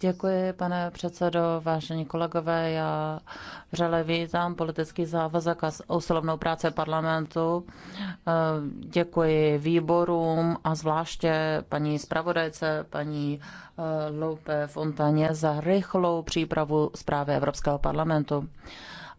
Děkuji, pane předsedo, vážení kolegové. Já vřele vítám politický závazek a usilovnou práci parlamentu. Eh, děkuji výborům a zvláště paní zpravodajce, paní eh, Loupe Fontaně za rychlou přípravu zprávy Evropského parlamentu.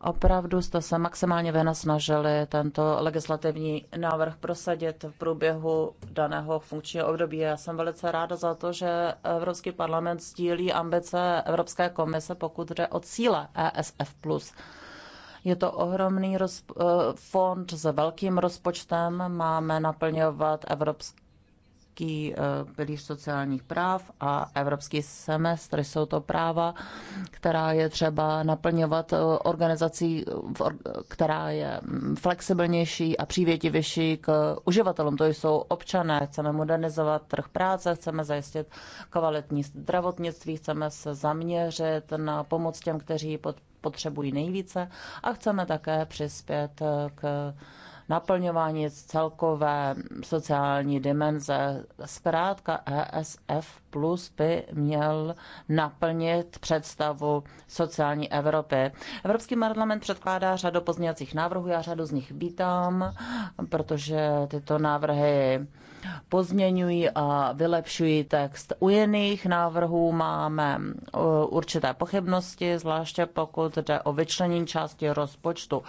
Opravdu jste se maximálně snažili tento legislativní návrh prosadit v průběhu daného funkčního období. Já jsem velice ráda za to, že Evropský parlament sdílí ambice Evropské komise, pokud jde o cíle ESF+. Je to ohromný eh, fond s velkým rozpočtem. Máme naplňovat evropský Evropský eh, pilíř sociálních práv a Evropský semestr. Jsou to práva, která je třeba naplňovat eh, organizací, eh, která je mm, flexibilnější a přívětivější k uživatelům. To jsou občané. Chceme modernizovat trh práce, chceme zajistit kvalitní zdravotnictví, chceme se zaměřit na pomoc těm, kteří potřebují nejvíce a chceme také přispět k naplňování celkové sociální dimenze. Zkrátka ESF plus by měl naplnit představu sociální Evropy. Evropský parlament předkládá řadu pozměňovacích návrhů, já řadu z nich vítám, protože tyto návrhy pozměňují a vylepšují text. U jiných návrhů máme uh, určité pochybnosti, zvláště pokud jde o vyčlenění části rozpočtu. Uh,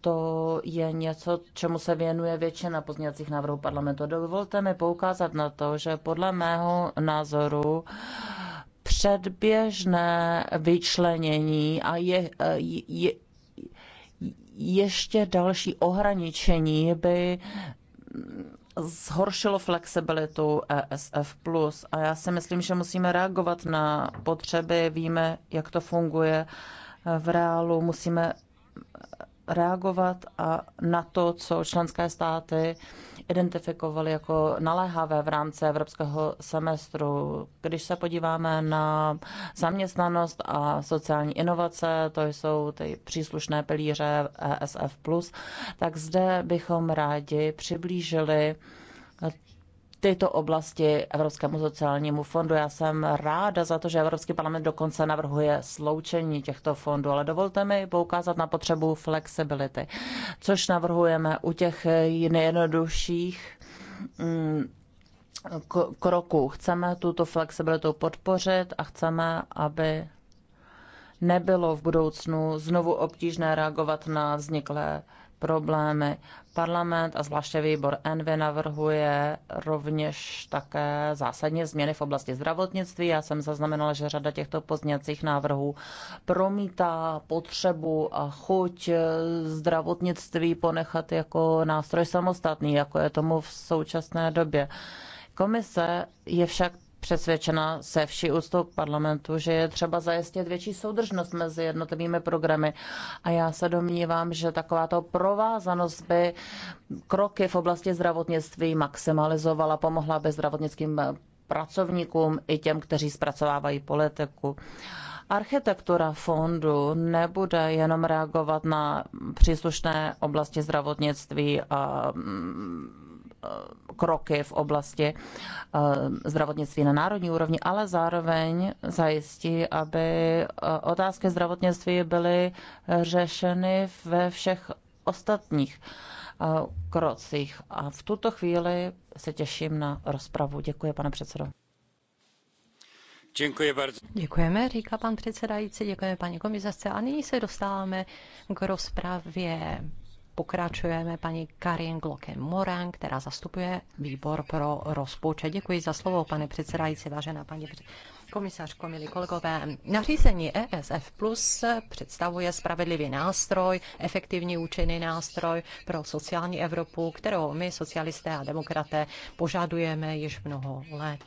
to je něco, čemu se věnuje většina pozměňovacích návrhů parlamentu. Dovolte mi poukázat na to, že podle mého názoru předběžné vyčlenění a je, je, je ještě další ohraničení by zhoršilo flexibilitu ESF+. A já si myslím, že musíme reagovat na potřeby, víme, jak to funguje v reálu, musíme reagovat a na to, co členské státy identifikovaly jako naléhavé v rámci evropského semestru. Když se podíváme na zaměstnanost a sociální inovace, to jsou ty příslušné pilíře ESF+, tak zde bychom rádi přiblížili této oblasti Evropskému sociálnímu fondu. Já jsem ráda za to, že Evropský parlament dokonce navrhuje sloučení těchto fondů, ale dovolte mi poukázat na potřebu flexibility, což navrhujeme u těch nejjednodušších mm, kroků. Chceme tuto flexibilitu podpořit a chceme, aby nebylo v budoucnu znovu obtížné reagovat na vzniklé problémy. Parlament a zvláště výbor Envy navrhuje rovněž také zásadně změny v oblasti zdravotnictví. Já jsem zaznamenala, že řada těchto pozněcích návrhů promítá potřebu a chuť zdravotnictví ponechat jako nástroj samostatný, jako je tomu v současné době. Komise je však přesvědčena se vší úctou k parlamentu, že je třeba zajistit větší soudržnost mezi jednotlivými programy. A já se domnívám, že takováto provázanost by kroky v oblasti zdravotnictví maximalizovala, pomohla by zdravotnickým pracovníkům i těm, kteří zpracovávají politiku. Architektura fondu nebude jenom reagovat na příslušné oblasti zdravotnictví a mm, kroky v oblasti eh, zdravotnictví na národní úrovni, ale zároveň zajistí, aby eh, otázky zdravotnictví byly řešeny ve všech ostatních eh, krocích. A v tuto chvíli se těším na rozpravu. Děkuji, pane předsedo. Děkuji bardzo. Děkujeme, říká pan předsedající, děkujeme paní komisařce. A nyní se dostáváme k rozpravě pokračujeme paní Karin Glocken Moran, která zastupuje výbor pro rozpočet. Děkuji za slovo, pane předsedající, vážená paní komisařko, milí kolegové. Nařízení ESF Plus představuje spravedlivý nástroj, efektivní účinný nástroj pro sociální Evropu, kterou my, socialisté a demokraté, požadujeme již mnoho let.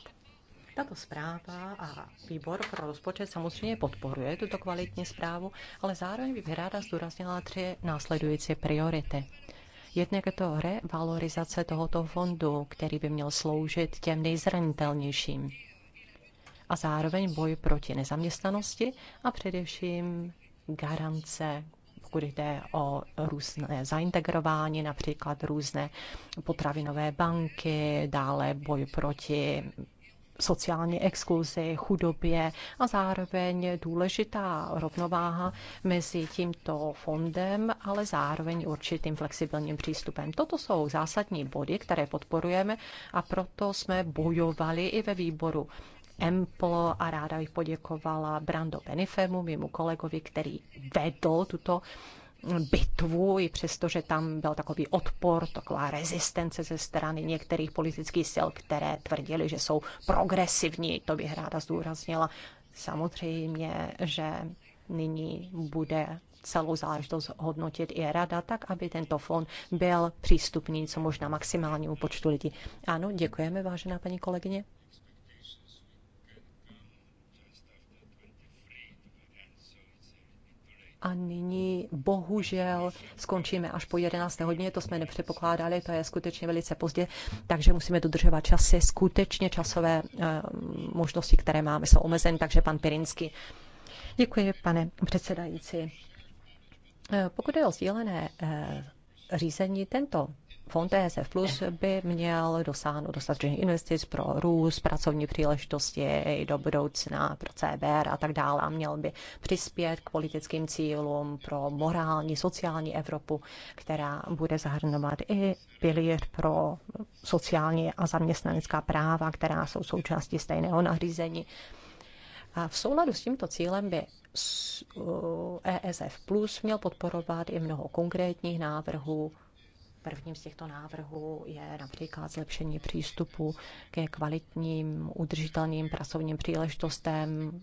Tato zpráva a výbor pro rozpočet samozřejmě podporuje tuto kvalitní zprávu, ale zároveň bych ráda zdůraznila tři následující priority. Jednak je to revalorizace tohoto fondu, který by měl sloužit těm nejzranitelnějším. A zároveň boj proti nezaměstnanosti a především garance pokud jde o různé zaintegrování, například různé potravinové banky, dále boj proti sociální exkluzi, chudobě a zároveň důležitá rovnováha mezi tímto fondem, ale zároveň určitým flexibilním přístupem. Toto jsou zásadní body, které podporujeme a proto jsme bojovali i ve výboru Empl a ráda bych poděkovala Brando Benifemu, mému kolegovi, který vedl tuto bitvu, i přestože tam byl takový odpor, taková rezistence ze strany některých politických sil, které tvrdili, že jsou progresivní. To bych ráda zdůraznila. Samozřejmě, že nyní bude celou záležitost hodnotit i rada, tak aby tento fond byl přístupný co možná maximálnímu počtu lidí. Ano, děkujeme, vážená paní kolegyně. a nyní bohužel skončíme až po 11. hodině, to jsme nepředpokládali, to je skutečně velice pozdě, takže musíme dodržovat časy, skutečně časové eh, možnosti, které máme, jsou omezeny, takže pan Pirinsky. Děkuji, pane předsedající. Eh, pokud je o sdílené eh, řízení, tento fond ESF Plus by měl dosáhnout dostatečných investic pro růst, pracovní příležitosti i do budoucna pro CBR a tak dále a měl by přispět k politickým cílům pro morální, sociální Evropu, která bude zahrnovat i pilíř pro sociální a zaměstnanecká práva, která jsou součástí stejného nařízení. A v souladu s tímto cílem by ESF Plus měl podporovat i mnoho konkrétních návrhů Prvním z těchto návrhů je například zlepšení přístupu ke kvalitním, udržitelným pracovním příležitostem,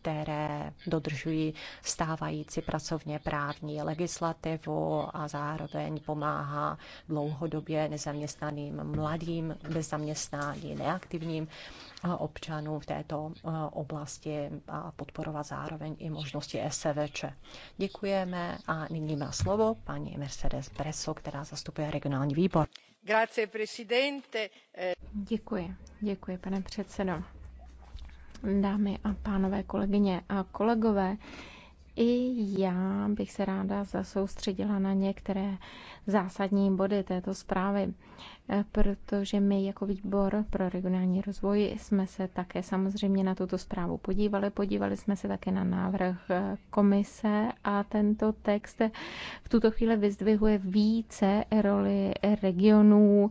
které dodržují stávající pracovně právní legislativu a zároveň pomáhá dlouhodobě nezaměstnaným mladým, bez neaktivním občanů v této eh, oblasti a podporovat zároveň i možnosti SVČ. Děkujeme a nyní má slovo paní Mercedes Bresso, která zastupuje regionální výbor. Grazie, presidente. Eh, děkuji, děkuji, pane předsedo. Dámy a pánové, kolegyně a kolegové, i já bych se ráda zasoustředila na některé zásadní body této zprávy. Eh, protože my jako výbor pro regionální rozvoj jsme se také samozřejmě na tuto zprávu podívali. Podívali jsme se také na návrh eh, komise a tento text v tuto chvíli vyzdvihuje více roli regionů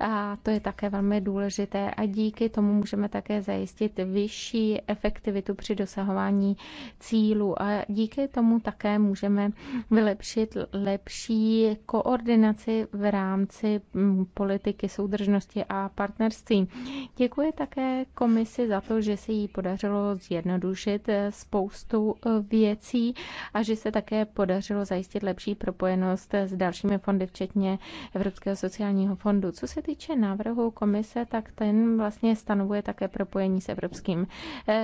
a to je také velmi důležité a díky tomu můžeme také zajistit vyšší efektivitu při dosahování cílů a díky tomu také můžeme vylepšit lepší koordinaci v rámci mm, politiky politiky soudržnosti a partnerství. Děkuji také komisi za to, že se jí podařilo zjednodušit eh, spoustu eh, věcí a že se také podařilo zajistit lepší propojenost eh, s dalšími fondy, včetně Evropského sociálního fondu. Co se týče návrhu komise, tak ten vlastně stanovuje také propojení s evropským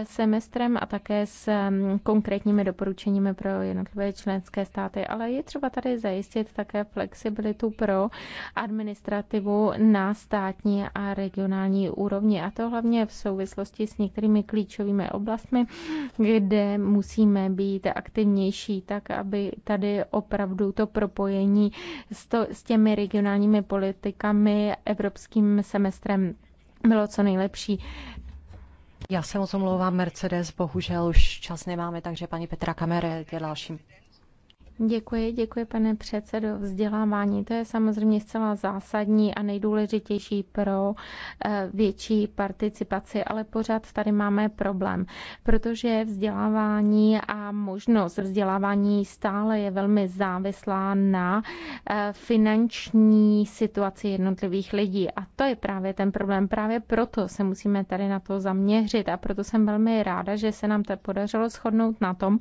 semestrem a také s mm, konkrétními doporučeními pro jednotlivé členské státy, ale je třeba tady zajistit také flexibilitu pro administrativu na státní a regionální úrovni. A to hlavně v souvislosti s některými klíčovými oblastmi, kde musíme být aktivnější, tak aby tady opravdu to propojení s, to, s těmi regionálními politikami, evropským semestrem bylo co nejlepší. Já se moc omlouvám, Mercedes, bohužel už čas nemáme, takže paní Petra Kamere je dalším Děkuji, děkuji, pane předsedo. Vzdělávání, to je samozřejmě zcela zásadní a nejdůležitější pro eh, větší participaci, ale pořád tady máme problém, protože vzdělávání a možnost vzdělávání stále je velmi závislá na eh, finanční situaci jednotlivých lidí. A to je právě ten problém. Právě proto se musíme tady na to zaměřit a proto jsem velmi ráda, že se nám to podařilo shodnout na tom,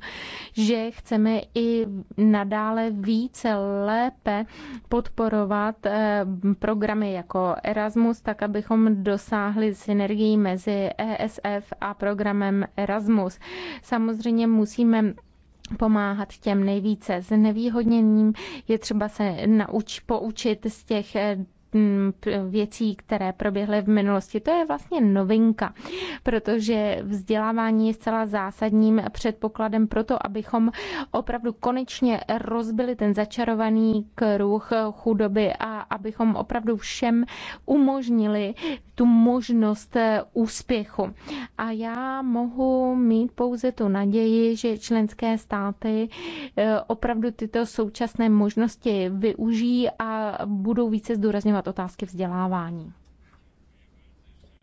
že chceme i nadále více lépe podporovat eh, programy jako Erasmus, tak abychom dosáhli synergii mezi ESF a programem Erasmus. Samozřejmě musíme pomáhat těm nejvíce znevýhodněným. Je třeba se nauč, poučit z těch eh, Mm, věcí, které proběhly v minulosti. To je vlastně novinka, protože vzdělávání je zcela zásadním předpokladem pro to, abychom opravdu konečně rozbili ten začarovaný kruh chudoby a abychom opravdu všem umožnili tu možnost eh, úspěchu. A já mohu mít pouze tu naději, že členské státy eh, opravdu tyto současné možnosti využijí a budou více zdůrazňovat zmiňovat otázky vzdělávání.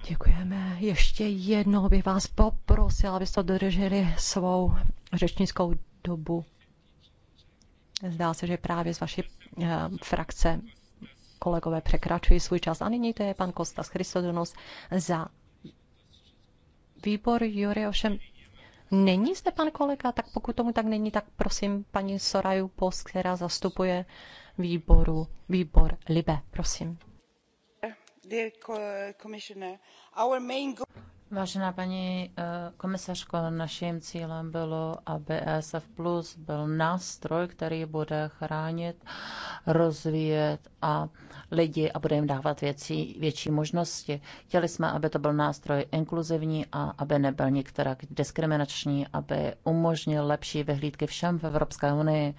Děkujeme. Ještě jednou bych vás poprosila, abyste dodrželi svou řečnickou dobu. Zdá se, že právě z vaší uh, frakce kolegové překračují svůj čas. A nyní to je pan Kostas Christodonos za výbor Jury, ovšem Není zde pan kolega, tak pokud tomu tak není, tak prosím paní Soraju Post, která zastupuje výboru, výbor Libe, prosím. Vážená paní eh, komisařko, naším cílem bylo, aby ESF Plus byl nástroj, který bude chránit, rozvíjet a lidi a bude jim dávat věcí, větší možnosti. Chtěli jsme, aby to byl nástroj inkluzivní a aby nebyl některak diskriminační, aby umožnil lepší vyhlídky všem v Evropské unii.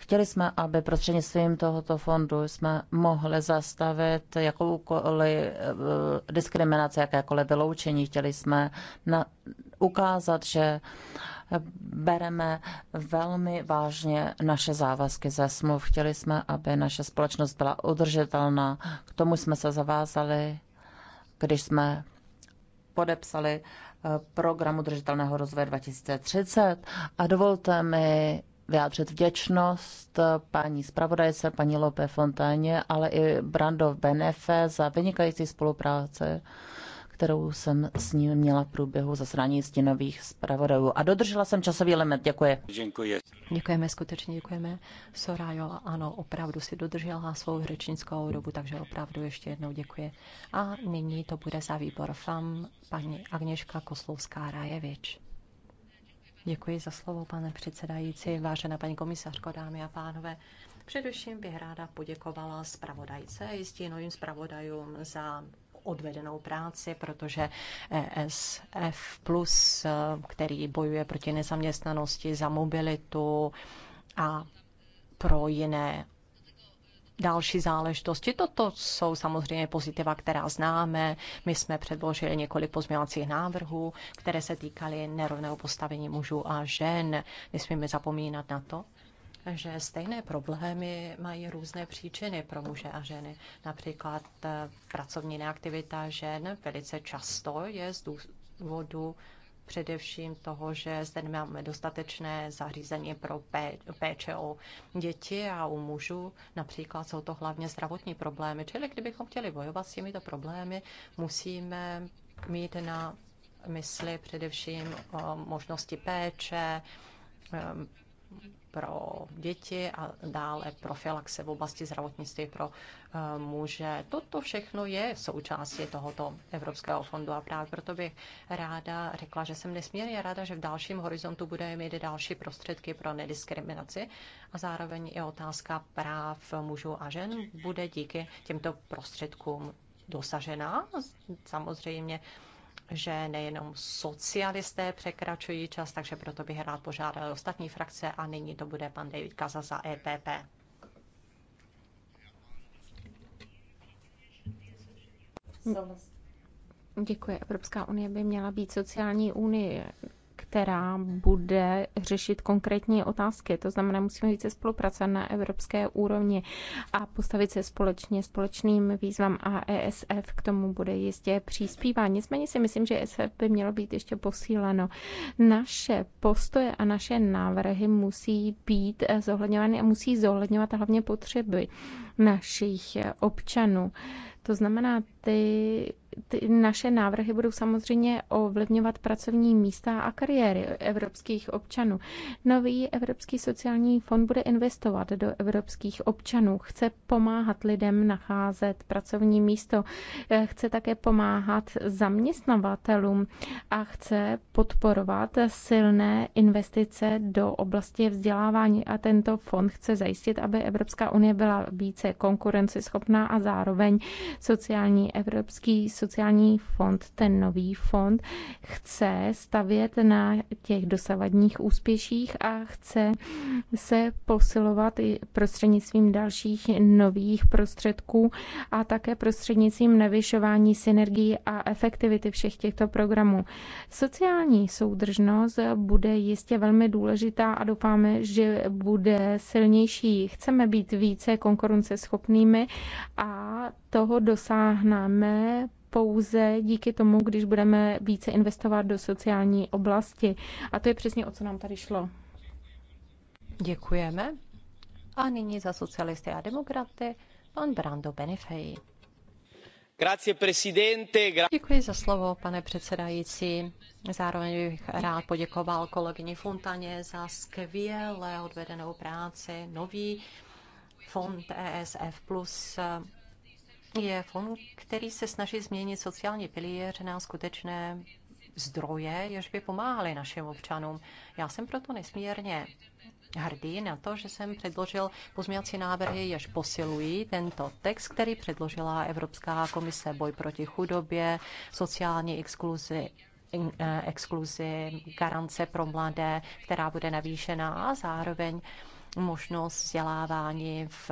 Chtěli jsme, aby prostřednictvím tohoto fondu jsme mohli zastavit jakoukoliv eh, diskriminaci, jakékoliv vyloučení. Chtěli jsme na, ukázat, že bereme velmi vážně naše závazky ze smluv. Chtěli jsme, aby naše společnost byla udržitelná. K tomu jsme se zavázali, když jsme podepsali eh, program udržitelného rozvoje 2030. A dovolte mi vyjádřit vděčnost eh, paní zpravodajce, paní Lope Fontáně, ale i Brando Benefe za vynikající spolupráce, kterou jsem s ním měla v průběhu zasedání stěnových zpravodajů. A dodržela jsem časový limit. Děkuji. Děkuji. Děkujeme, skutečně děkujeme. Sorajola, ano, opravdu si dodržela svou řečnickou dobu, takže opravdu ještě jednou děkuji. A nyní to bude za výbor FAM paní Agněška Koslovská-Rajevič. Děkuji za slovo, pane předsedající, vážená paní komisařko, dámy a pánové. Především bych ráda poděkovala zpravodajce i stínovým zpravodajům za odvedenou práci, protože ESF+, plus, který bojuje proti nezaměstnanosti, za mobilitu a pro jiné další záležitosti. Toto jsou samozřejmě pozitiva, která známe. My jsme předložili několik pozměňovacích návrhů, které se týkaly nerovného postavení mužů a žen. Nesmíme zapomínat na to, že stejné problémy mají různé příčiny pro muže a ženy. Například eh, pracovní neaktivita žen velice často je z důvodu především toho, že zde nemáme dostatečné zařízení pro péče o děti a u mužů. Například jsou to hlavně zdravotní problémy. Čili kdybychom chtěli bojovat s těmito problémy, musíme mít na mysli především možnosti péče, pro děti a dále profilaxe v oblasti zdravotnictví pro eh, muže. Toto všechno je součástí tohoto Evropského fondu a právě proto bych ráda řekla, že jsem nesmírně ráda, že v dalším horizontu budeme mít další prostředky pro nediskriminaci a zároveň i otázka práv mužů a žen bude díky těmto prostředkům dosažená. Samozřejmě že nejenom socialisté překračují čas, takže proto bych rád požádal ostatní frakce a nyní to bude pan David Kaza za EPP. Děkuji. Evropská unie by měla být sociální unie, která bude řešit konkrétní otázky. To znamená, musíme více spolupracovat na evropské úrovni a postavit se společně společným výzvám a ESF k tomu bude jistě přispívat. Nicméně si myslím, že ESF by mělo být ještě posíleno. Naše postoje a naše návrhy musí být zohledňovány a musí zohledňovat hlavně potřeby našich občanů. To znamená, ty ty naše návrhy budou samozřejmě ovlivňovat pracovní místa a kariéry evropských občanů. Nový Evropský sociální fond bude investovat do evropských občanů, chce pomáhat lidem nacházet pracovní místo, chce také pomáhat zaměstnavatelům a chce podporovat silné investice do oblasti vzdělávání a tento fond chce zajistit, aby Evropská unie byla více konkurenceschopná a zároveň sociální Evropský sociální fond, ten nový fond, chce stavět na těch dosavadních úspěších a chce se posilovat i prostřednictvím dalších nových prostředků a také prostřednictvím navyšování synergii a efektivity všech těchto programů. Sociální soudržnost bude jistě velmi důležitá a doufáme, že bude silnější. Chceme být více konkurenceschopnými a toho dosáhneme pouze díky tomu, když budeme více investovat do sociální oblasti. A to je přesně o co nám tady šlo. Děkujeme. A nyní za socialisty a demokraty pan Brando Benefej. Děkuji za slovo, pane předsedající. Zároveň bych rád poděkoval kolegyni Fontaně za skvěle odvedenou práci. Nový fond ESF Plus je fond, který se snaží změnit sociální pilíř na skutečné zdroje, jež by pomáhaly našim občanům. Já jsem proto nesmírně hrdý na to, že jsem předložil pozměňovací návrhy, jež posilují tento text, který předložila Evropská komise boj proti chudobě, sociální exkluzi, eh, exkluzi, garance pro mladé, která bude navýšená a zároveň možnost vzdělávání v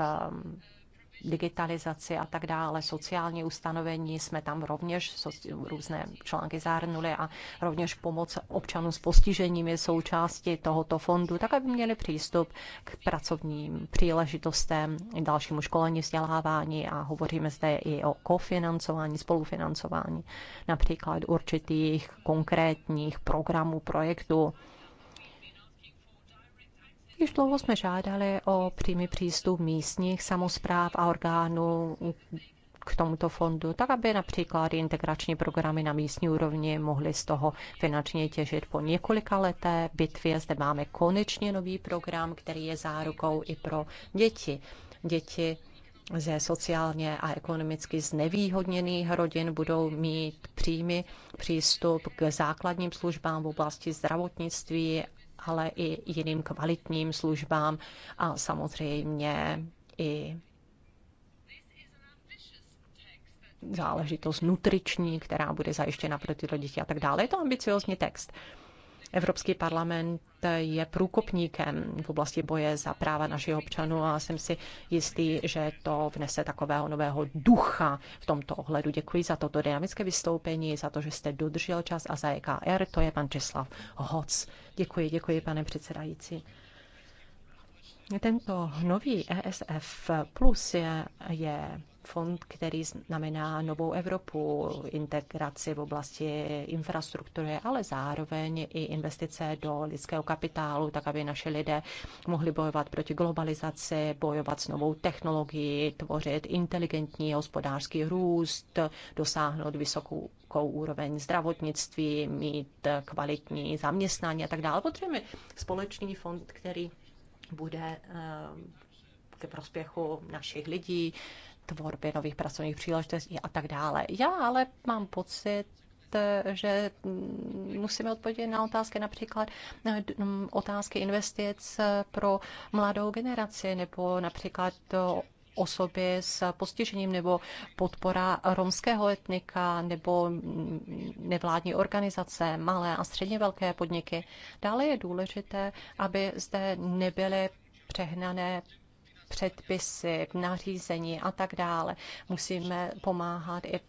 digitalizaci a tak dále, sociální ustanovení, jsme tam rovněž různé články zahrnuli a rovněž pomoc občanům s postižením je součástí tohoto fondu, tak aby měli přístup k pracovním příležitostem, dalšímu školení, vzdělávání a hovoříme zde i o kofinancování, spolufinancování, například určitých konkrétních programů, projektů, Již dlouho jsme žádali o přímý přístup místních samozpráv a orgánů k tomuto fondu, tak aby například integrační programy na místní úrovni mohly z toho finančně těžit. Po několika leté bitvě zde máme konečně nový program, který je zárukou i pro děti. Děti ze sociálně a ekonomicky znevýhodněných rodin budou mít přímý přístup k základním službám v oblasti zdravotnictví ale i jiným kvalitním službám a samozřejmě i záležitost nutriční, která bude zajištěna pro tyto děti a tak dále. Je to ambiciozní text. Evropský parlament je průkopníkem v oblasti boje za práva našich občanů a jsem si jistý, že to vnese takového nového ducha v tomto ohledu. Děkuji za toto dynamické vystoupení, za to, že jste dodržel čas a za EKR, to je pan Česlav Hoc. Děkuji, děkuji, pane předsedající. Tento nový ESF plus je, je fond, který znamená novou Evropu, integraci v oblasti infrastruktury, ale zároveň i investice do lidského kapitálu, tak aby naše lidé mohli bojovat proti globalizaci, bojovat s novou technologií, tvořit inteligentní hospodářský růst, dosáhnout vysokou úroveň zdravotnictví, mít kvalitní zaměstnání a tak dále. Potřebujeme společný fond, který bude eh, ke prospěchu našich lidí, tvorbě nových pracovních příležitostí a tak dále. Já ale mám pocit, že musíme odpovědět na otázky například otázky investic pro mladou generaci nebo například osoby s postižením nebo podpora romského etnika nebo nevládní organizace, malé a středně velké podniky. Dále je důležité, aby zde nebyly přehnané předpisy, nařízení a tak dále. Musíme pomáhat i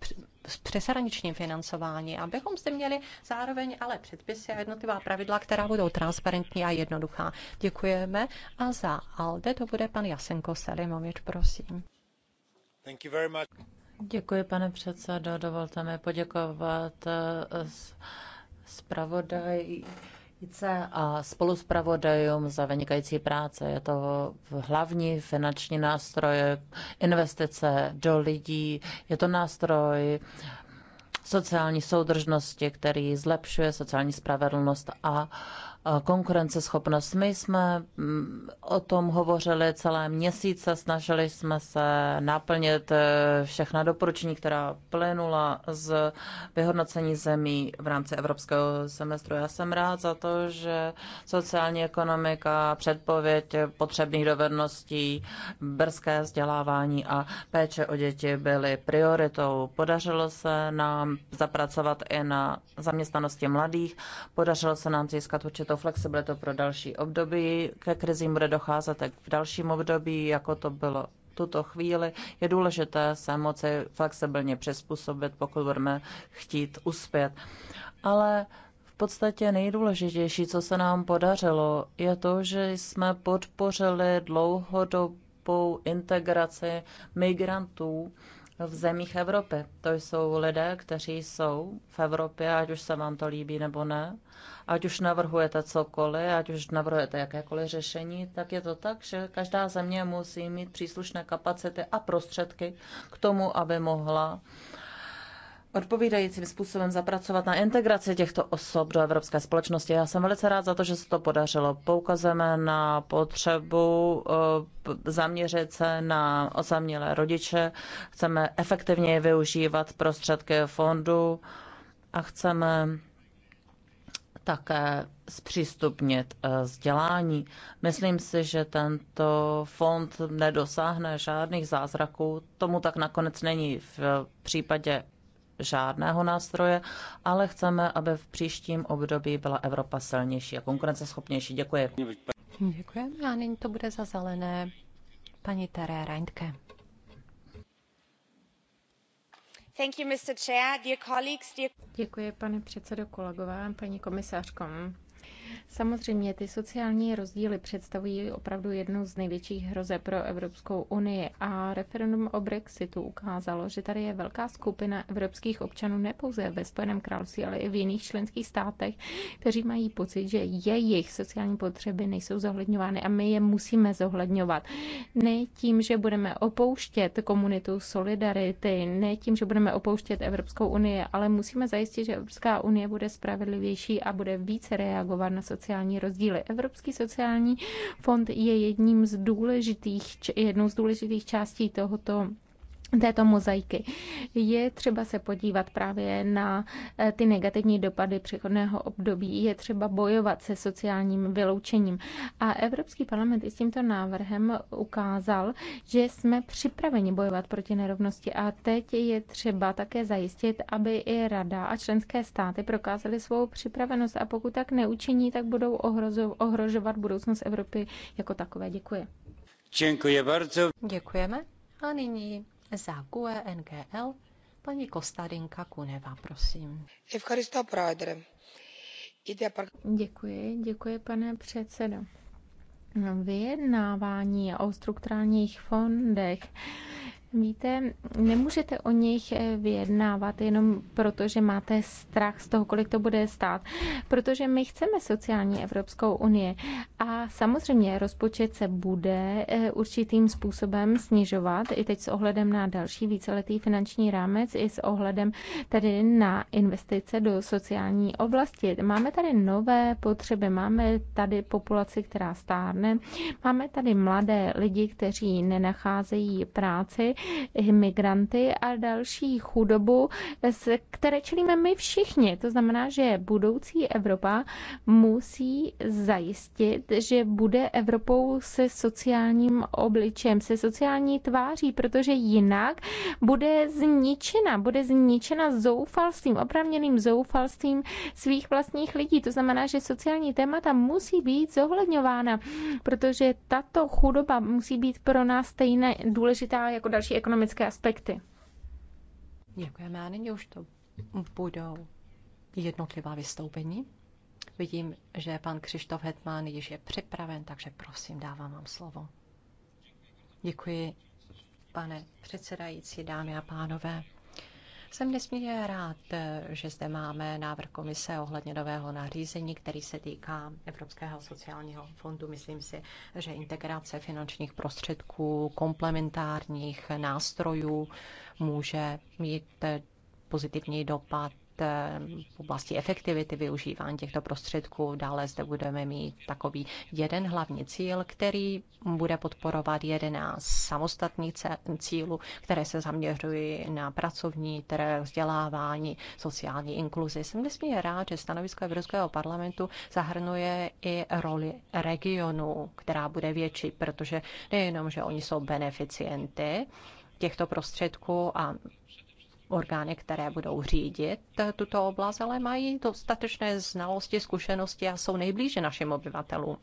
s přesraničním financování, abychom zde měli zároveň ale předpisy a jednotlivá pravidla, která budou transparentní a jednoduchá. Děkujeme a za ALDE to bude pan Jasenko Selimovič, prosím. Thank you very much. Děkuji, pane předsedo. Dovolte mi poděkovat eh, zpravodaj. Uh, a spoluspravodajům za vynikající práce. Je to hlavní finanční nástroj investice do lidí, je to nástroj sociální soudržnosti, který zlepšuje sociální spravedlnost a konkurenceschopnost. My jsme mm, o tom hovořili celé měsíce, snažili jsme se naplnit eh, všechna doporučení, která plynula z vyhodnocení zemí v rámci evropského semestru. Já jsem rád za to, že sociální ekonomika, předpověď potřebných dovedností, brzké vzdělávání a péče o děti byly prioritou. Podařilo se nám zapracovat i na zaměstnanosti mladých, podařilo se nám získat určitou flexibilitu pro další období. Ke krizím bude docházet v dalším období, jako to bylo tuto chvíli. Je důležité se moci flexibilně přizpůsobit, pokud budeme chtít uspět. Ale v podstatě nejdůležitější, co se nám podařilo, je to, že jsme podpořili dlouhodobou integraci migrantů v zemích Evropy. To jsou lidé, kteří jsou v Evropě, ať už se vám to líbí nebo ne. Ať už navrhujete cokoliv, ať už navrhujete jakékoliv řešení, tak je to tak, že každá země musí mít příslušné kapacity a prostředky k tomu, aby mohla uh, odpovídajícím způsobem zapracovat na integraci těchto osob do evropské společnosti. Já jsem velice rád za to, že se to podařilo. Poukazujeme na potřebu eh, zaměřit se na osamělé rodiče, chceme efektivně využívat prostředky fondu a chceme také zpřístupnit eh, vzdělání. Myslím si, že tento fond nedosáhne žádných zázraků. Tomu tak nakonec není v případě žádného nástroje, ale chceme, aby v příštím období byla Evropa silnější a konkurenceschopnější. Děkuji. Děkujeme a nyní to bude za zelené paní Tere Reintke. Děkuji, pane předsedo, kolegové, paní komisářkom. Samozřejmě ty sociální rozdíly představují opravdu jednu z největších hroze pro Evropskou unii a referendum o Brexitu ukázalo, že tady je velká skupina evropských občanů nepouze ve Spojeném království, ale i v jiných členských státech, kteří mají pocit, že jejich sociální potřeby nejsou zohledňovány a my je musíme zohledňovat. Ne tím, že budeme opouštět komunitu solidarity, ne tím, že budeme opouštět Evropskou unii, ale musíme zajistit, že Evropská unie bude spravedlivější a bude více reagovat na sociální rozdíly. Evropský sociální fond je jedním z důležitých, jednou z důležitých částí tohoto této mozaiky. Je třeba se podívat právě na eh, ty negativní dopady přechodného období. Je třeba bojovat se sociálním vyloučením. A Evropský parlament i s tímto návrhem ukázal, že jsme připraveni bojovat proti nerovnosti. A teď je třeba také zajistit, aby i Rada a členské státy prokázaly svou připravenost. A pokud tak neučiní, tak budou ohrožovat budoucnost Evropy jako takové. Děkuji. Děkuji bardzo. Děkujeme. A nyní za GUE NGL paní Kostarinka Kuneva, prosím. Děkuji, děkuji pane předsedo. Vyjednávání o strukturálních fondech Víte, nemůžete o nich eh, vyjednávat jenom proto, že máte strach z toho, kolik to bude stát, protože my chceme sociální Evropskou unii a samozřejmě rozpočet se bude eh, určitým způsobem snižovat, i teď s ohledem na další víceletý finanční rámec, i s ohledem tedy na investice do sociální oblasti. Máme tady nové potřeby, máme tady populaci, která stárne, máme tady mladé lidi, kteří nenacházejí práci, imigranty a další chudobu, které čelíme my všichni. To znamená, že budoucí Evropa musí zajistit, že bude Evropou se sociálním obličem, se sociální tváří, protože jinak bude zničena, bude zničena zoufalstvím, opravněným zoufalstvím svých vlastních lidí. To znamená, že sociální témata musí být zohledňována, protože tato chudoba musí být pro nás stejně důležitá jako další další ekonomické aspekty. Děkujeme a nyní už to budou jednotlivá vystoupení. Vidím, že pan Křištof Hetman již je připraven, takže prosím, dávám vám slovo. Děkuji, pane předsedající, dámy a pánové. Jsem nesmírně rád, že zde máme návrh komise ohledně nového nařízení, který se týká Evropského sociálního fondu. Myslím si, že integrace finančních prostředků, komplementárních nástrojů může mít pozitivní dopad E, v oblasti efektivity využívání těchto prostředků. Dále zde budeme mít takový jeden hlavní cíl, který bude podporovat 11 samostatných cílů, které se zaměřují na pracovní trh, vzdělávání, sociální inkluzi. Jsem nesmírně rád, že stanovisko Evropského parlamentu zahrnuje i roli regionu, která bude větší, protože nejenom, že oni jsou beneficienty těchto prostředků a orgány, které budou řídit tuto oblast, ale mají dostatečné znalosti, zkušenosti a jsou nejblíže našim obyvatelům.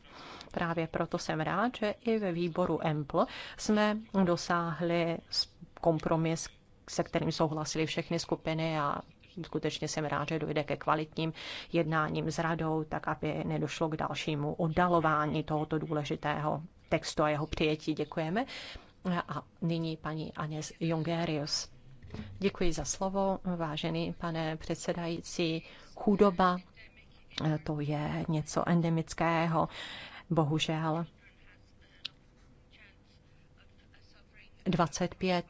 Právě proto jsem rád, že i ve výboru EMPL jsme dosáhli kompromis, se kterým souhlasili všechny skupiny a skutečně jsem rád, že dojde ke kvalitním jednáním s radou, tak aby nedošlo k dalšímu oddalování tohoto důležitého textu a jeho přijetí. Děkujeme. A nyní paní Anes Jongerius. Děkuji za slovo, vážený pane předsedající. Chudoba eh, to je něco endemického, bohužel. 25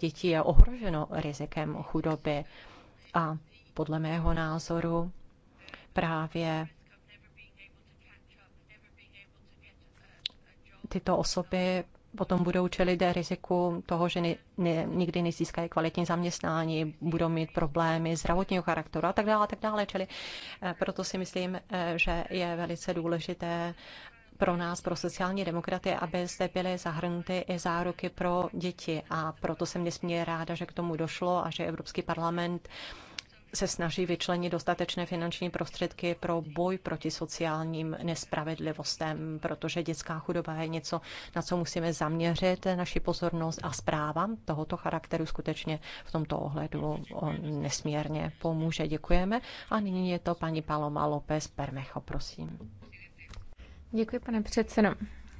dětí je ohroženo rizikem chudoby a podle mého názoru právě tyto osoby potom budou čelit riziku toho, že ne, ne, nikdy nezískají kvalitní zaměstnání, budou mít problémy zdravotního charakteru a tak dále, a tak dále. Čili eh, proto si myslím, eh, že je velice důležité pro nás, pro sociální demokraty, aby zde byly zahrnuty i záruky pro děti. A proto jsem nesmírně ráda, že k tomu došlo a že Evropský parlament uh, se snaží vyčlenit dostatečné finanční prostředky pro boj proti sociálním nespravedlivostem, protože dětská chudoba je něco, na co musíme zaměřit naši pozornost a zpráva tohoto charakteru skutečně v tomto ohledu nesmírně pomůže. Děkujeme. A nyní je to paní Paloma López Permecho, prosím. Děkuji, pane předsedo.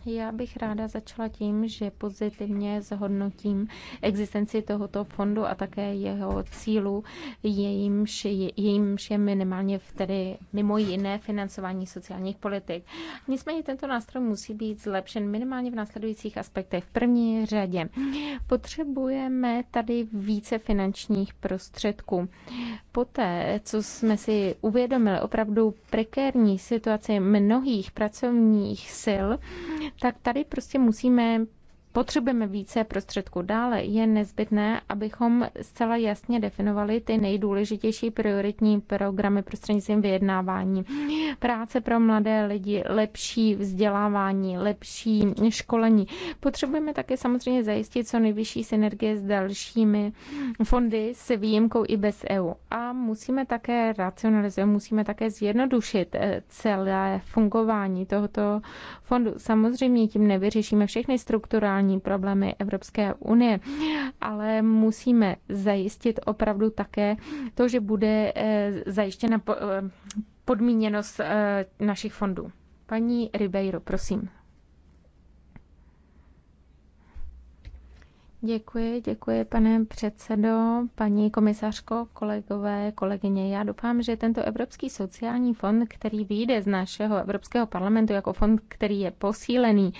Já bych ráda začala tím, že pozitivně zhodnotím existenci tohoto fondu a také jeho cílu, jejímž, jejímž je minimálně v tedy mimo jiné financování sociálních politik. Nicméně tento nástroj musí být zlepšen minimálně v následujících aspektech. V první řadě potřebujeme tady více finančních prostředků. Poté, co jsme si uvědomili opravdu prekérní situaci mnohých pracovních sil, tak tady prostě musíme Potřebujeme více prostředků. Dále je nezbytné, abychom zcela jasně definovali ty nejdůležitější prioritní programy prostřednictvím vyjednávání. Práce pro mladé lidi, lepší vzdělávání, lepší školení. Potřebujeme také samozřejmě zajistit co nejvyšší synergie s dalšími fondy s výjimkou i bez EU. A musíme také racionalizovat, musíme také zjednodušit eh, celé fungování tohoto fondu. Samozřejmě tím nevyřešíme všechny strukturální aktuální problémy Evropské unie, ale musíme zajistit opravdu také to, že bude eh, zajištěna eh, podmíněnost eh, našich fondů. Paní Ribeiro, prosím. Děkuji, děkuji, pane předsedo, paní komisařko, kolegové, kolegyně. Já doufám, že tento Evropský sociální fond, který vyjde z našeho Evropského parlamentu jako fond, který je posílený,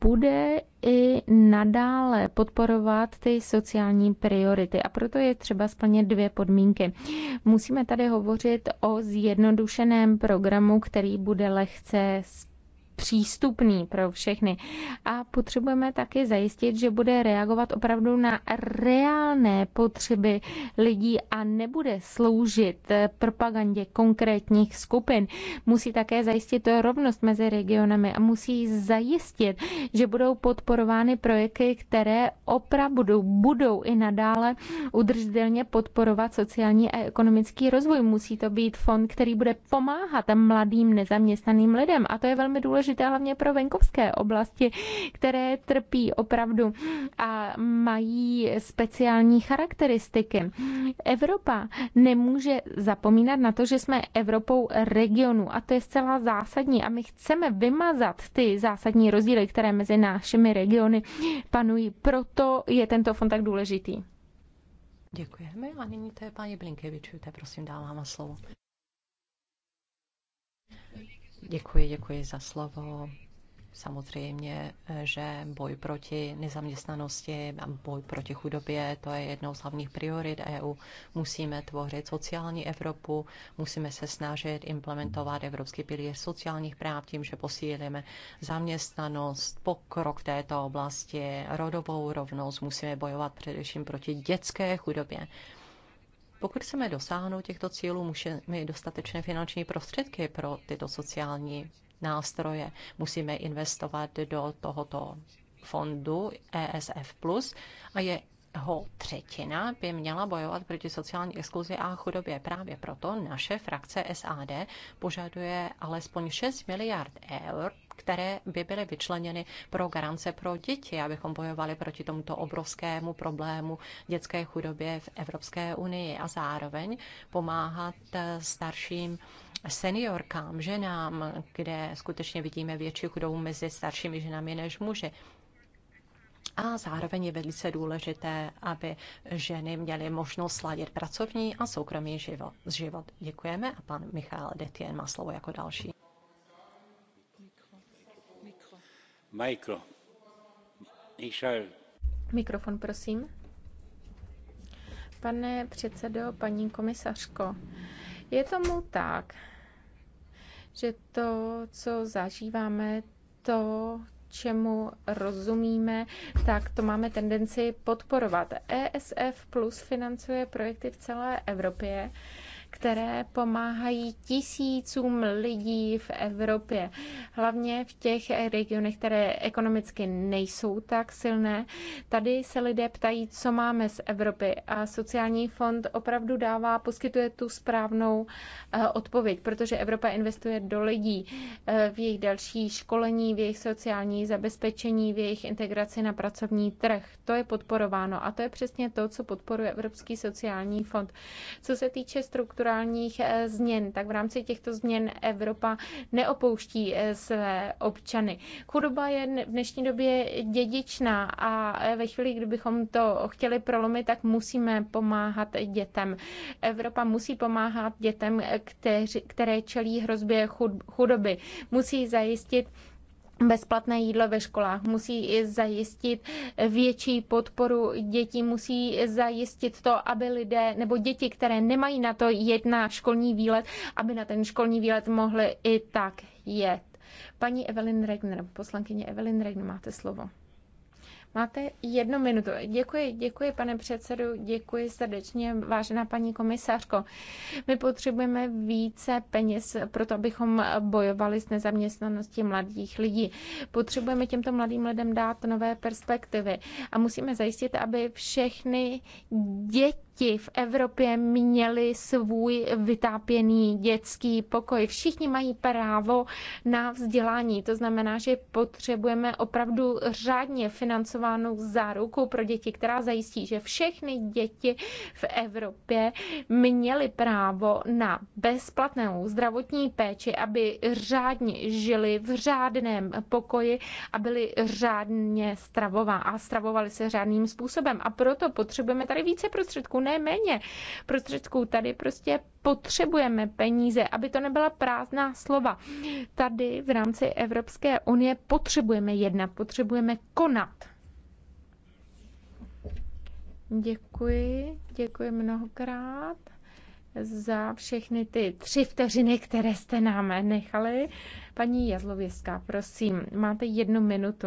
bude i nadále podporovat ty sociální priority. A proto je třeba splnit dvě podmínky. Musíme tady hovořit o zjednodušeném programu, který bude lehce přístupný pro všechny. A potřebujeme také zajistit, že bude reagovat opravdu na reálné potřeby lidí a nebude sloužit propagandě konkrétních skupin. Musí také zajistit rovnost mezi regionami a musí zajistit, že budou podporovány projekty, které opravdu budou i nadále udržitelně podporovat sociální a ekonomický rozvoj. Musí to být fond, který bude pomáhat mladým nezaměstnaným lidem. A to je velmi důležité důležité hlavně pro venkovské oblasti, které trpí opravdu a mají speciální charakteristiky. Evropa nemůže zapomínat na to, že jsme Evropou regionu a to je zcela zásadní a my chceme vymazat ty zásadní rozdíly, které mezi našimi regiony panují. Proto je tento fond tak důležitý. Děkujeme a nyní to je paní Blinkevičů, prosím dávám slovo. Děkuji, děkuji za slovo. Samozřejmě, že boj proti nezaměstnanosti a boj proti chudobě, to je jednou z hlavních priorit EU. Musíme tvořit sociální Evropu, musíme se snažit implementovat Evropský pilíř sociálních práv tím, že posílíme zaměstnanost, pokrok této oblasti, rodovou rovnost, musíme bojovat především proti dětské chudobě. Pokud chceme dosáhnout těchto cílů, musíme mít dostatečné finanční prostředky pro tyto sociální nástroje. Musíme investovat do tohoto fondu ESF+, a jeho třetina by měla bojovat proti sociální exkluzi a chudobě. Právě proto naše frakce SAD požaduje alespoň 6 miliard eur které by byly vyčleněny pro garance pro děti, abychom bojovali proti tomuto obrovskému problému dětské chudoby v Evropské unii a zároveň pomáhat starším seniorkám, ženám, kde skutečně vidíme větší chudobu mezi staršími ženami než muži. A zároveň je velice důležité, aby ženy měly možnost sladit pracovní a soukromý život. Děkujeme a pan Michal Detien má slovo jako další. Mikro. Mikrofon, prosím. Pane předsedo, paní komisařko, je tomu tak, že to, co zažíváme, to, čemu rozumíme, tak to máme tendenci podporovat. ESF Plus financuje projekty v celé Evropě, které pomáhají tisícům lidí v Evropě, hlavně v těch regionech, které ekonomicky nejsou tak silné. Tady se lidé ptají, co máme z Evropy a sociální fond opravdu dává, poskytuje tu správnou eh, odpověď, protože Evropa investuje do lidí eh, v jejich další školení, v jejich sociální zabezpečení, v jejich integraci na pracovní trh. To je podporováno a to je přesně to, co podporuje Evropský sociální fond. Co se týče struktur strukturálních eh, změn, tak v rámci těchto změn Evropa neopouští eh, své občany. Chudoba je v dnešní době dědičná a eh, ve chvíli, kdybychom to chtěli prolomit, tak musíme pomáhat dětem. Evropa musí pomáhat dětem, které čelí hrozbě chudoby. Musí zajistit bezplatné jídlo ve školách, musí zajistit větší podporu dětí, musí zajistit to, aby lidé nebo děti, které nemají na to jet na školní výlet, aby na ten školní výlet mohly i tak jet. Paní Evelyn Regner, poslankyně Evelyn Regner, máte slovo. Máte jednu minutu. Děkuji, děkuji, pane předsedu, děkuji srdečně, vážená paní komisářko. My potřebujeme více peněz pro to, abychom bojovali s nezaměstnaností mladých lidí. Potřebujeme těmto mladým lidem dát nové perspektivy a musíme zajistit, aby všechny děti děti v Evropě měli svůj vytápěný dětský pokoj. Všichni mají právo na vzdělání. To znamená, že potřebujeme opravdu řádně financovanou záruku pro děti, která zajistí, že všechny děti v Evropě měly právo na bezplatnou zdravotní péči, aby řádně žili v řádném pokoji a byli řádně stravová a stravovali se řádným způsobem. A proto potřebujeme tady více prostředků ne méně prostředků. Tady prostě potřebujeme peníze, aby to nebyla prázdná slova. Tady v rámci Evropské unie potřebujeme jednat, potřebujeme konat. Děkuji, děkuji mnohokrát za všechny ty tři vteřiny, které jste nám nechali. Paní Jazlověská, prosím, máte jednu minutu.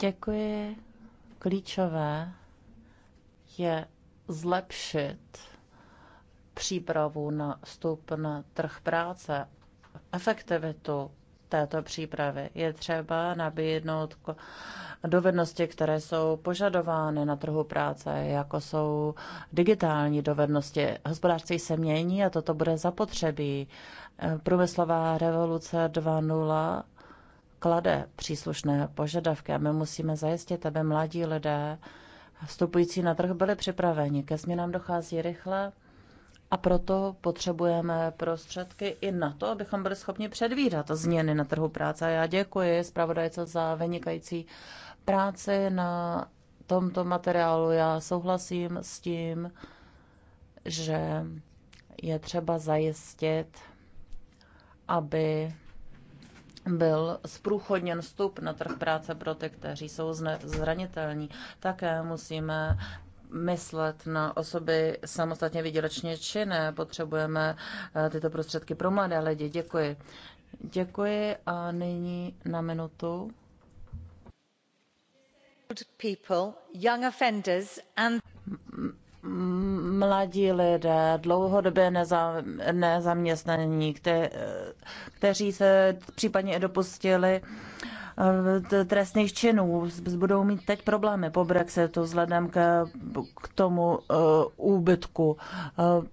Děkuji, Klíčové je zlepšit přípravu na vstup na trh práce, efektivitu této přípravy. Je třeba nabídnout dovednosti, které jsou požadovány na trhu práce, jako jsou digitální dovednosti. Hospodářství se mění a toto bude zapotřebí. Průmyslová revoluce 2.0 klade příslušné požadavky a my musíme zajistit, aby mladí lidé vstupující na trh byli připraveni. Ke změnám dochází rychle a proto potřebujeme prostředky i na to, abychom byli schopni předvídat změny na trhu práce. A já děkuji zpravodajce za vynikající práci na tomto materiálu. Já souhlasím s tím, že je třeba zajistit, aby byl zprůchodněn vstup na trh práce pro ty, kteří jsou zranitelní. Také musíme myslet na osoby samostatně výdělečně činné. Potřebujeme eh, tyto prostředky pro mladé lidi. Děkuji. Děkuji a nyní na minutu. People, young offenders and mladí lidé, dlouhodobě neza, nezaměstnaní, kte, kteří se případně dopustili eh, trestných činů, budou mít teď problémy po Brexitu vzhledem k, k tomu uh, úbytku. Uh,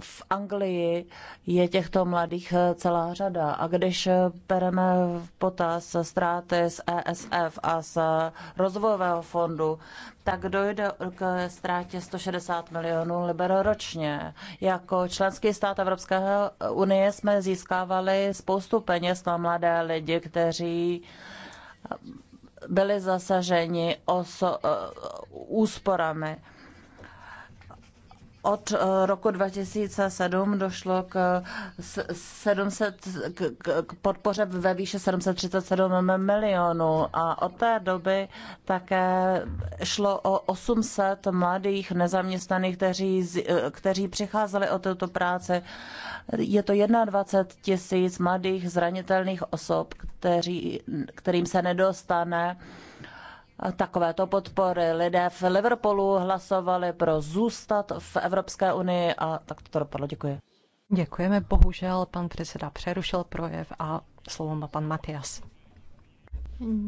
v Anglii je těchto mladých eh, celá řada. A když eh, bereme v potaz ztráty z ESF a z eh, rozvojového fondu, tak dojde k ztrátě 160 milionů liber ročně. Jako členský stát Evropské unie jsme získávali spoustu peněz na mladé lidi, kteří byli zasaženi oso- úsporami od eh, roku 2007 došlo k, 700, k, k podpoře ve výše 737 milionů a od té doby také šlo o 800 mladých nezaměstnaných, kteří, eh, kteří přicházeli o tuto práci. Je to 21 tisíc mladých zranitelných osob, kteří, kterým se nedostane uh, takovéto podpory. Lidé v Liverpoolu hlasovali pro zůstat v Evropské unii a tak to dopadlo. Děkuji. Děkujeme. Bohužel pan předseda přerušil projev a slovo má pan Matias.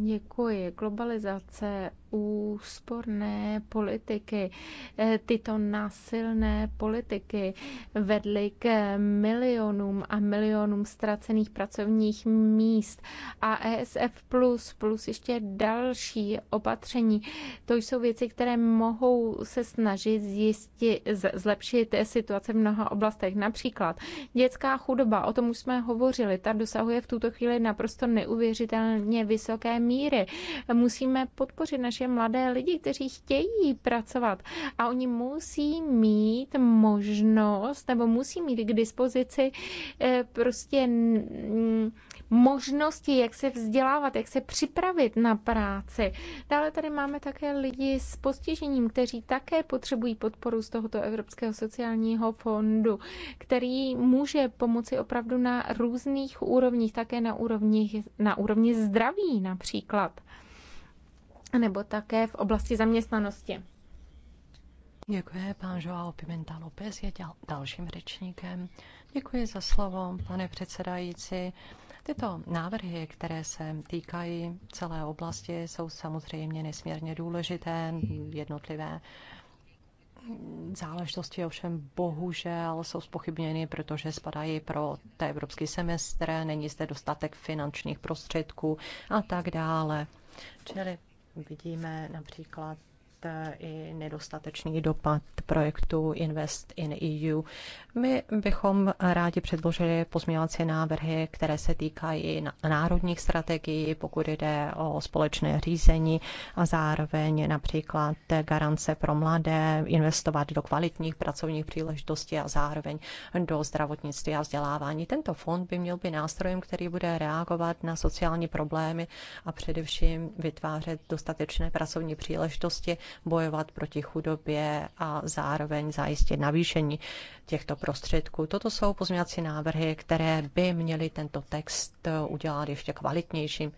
Děkuji. Globalizace úsporné politiky, e, tyto násilné politiky vedly k milionům a milionům ztracených pracovních míst a ESF+, plus, plus ještě další opatření, to jsou věci, které mohou se snažit zjistit, zlepšit situace v mnoha oblastech. Například dětská chudoba, o tom už jsme hovořili, ta dosahuje v tuto chvíli naprosto neuvěřitelně vysoké míry. Musíme podpořit naše spíše mladé lidi, kteří chtějí pracovat a oni musí mít možnost nebo musí mít k dispozici eh, prostě možnosti, jak se vzdělávat, jak se připravit na práci. Dále tady máme také lidi s postižením, kteří také potřebují podporu z tohoto Evropského sociálního fondu, který může pomoci opravdu na různých úrovních, také na úrovni, na úrovni zdraví například nebo také v oblasti zaměstnanosti. Děkuji, pan Joao Pimenta López je děl, dalším řečníkem. Děkuji za slovo, pane předsedající. Tyto návrhy, které se týkají celé oblasti, jsou samozřejmě nesmírně důležité, jednotlivé záležitosti ovšem bohužel jsou spochybněny, protože spadají pro té evropský semestr, není zde dostatek finančních prostředků a tak dále. Čili Vidíme například Eh, i nedostatečný dopad projektu Invest in EU. My bychom rádi předložili pozměňovací návrhy, které se týkají národních strategií, pokud jde o společné řízení a zároveň například garance pro mladé, investovat do kvalitních pracovních příležitostí a zároveň do zdravotnictví a vzdělávání. Tento fond by měl být nástrojem, který bude reagovat na sociální problémy a především vytvářet dostatečné pracovní příležitosti bojovat proti chudobě a zároveň zajistit navýšení těchto prostředků. Toto jsou pozměňovací návrhy, které by měly tento text udělat ještě kvalitnějším.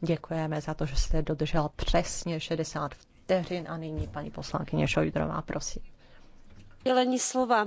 Děkujeme za to, že jste dodržel přesně 60 vteřin a nyní paní poslankyně Šojdrová, prosím. Dělení slova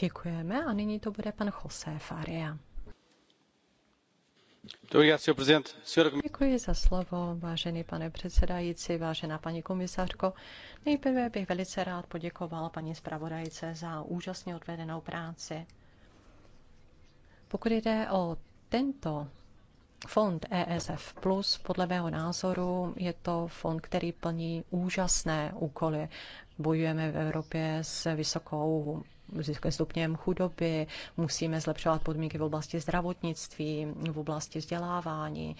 Děkujeme a nyní to bude pan José Faria. Děkuji za slovo, vážený pane předsedající, vážená paní komisařko. Nejprve bych velice rád poděkoval paní zpravodajce za úžasně odvedenou práci. Pokud jde o tento fond ESF+, podle mého názoru je to fond, který plní úžasné úkoly. Bojujeme v Evropě s vysokou vysokým stupněm chudoby, musíme zlepšovat podmínky v oblasti zdravotnictví, v oblasti vzdělávání,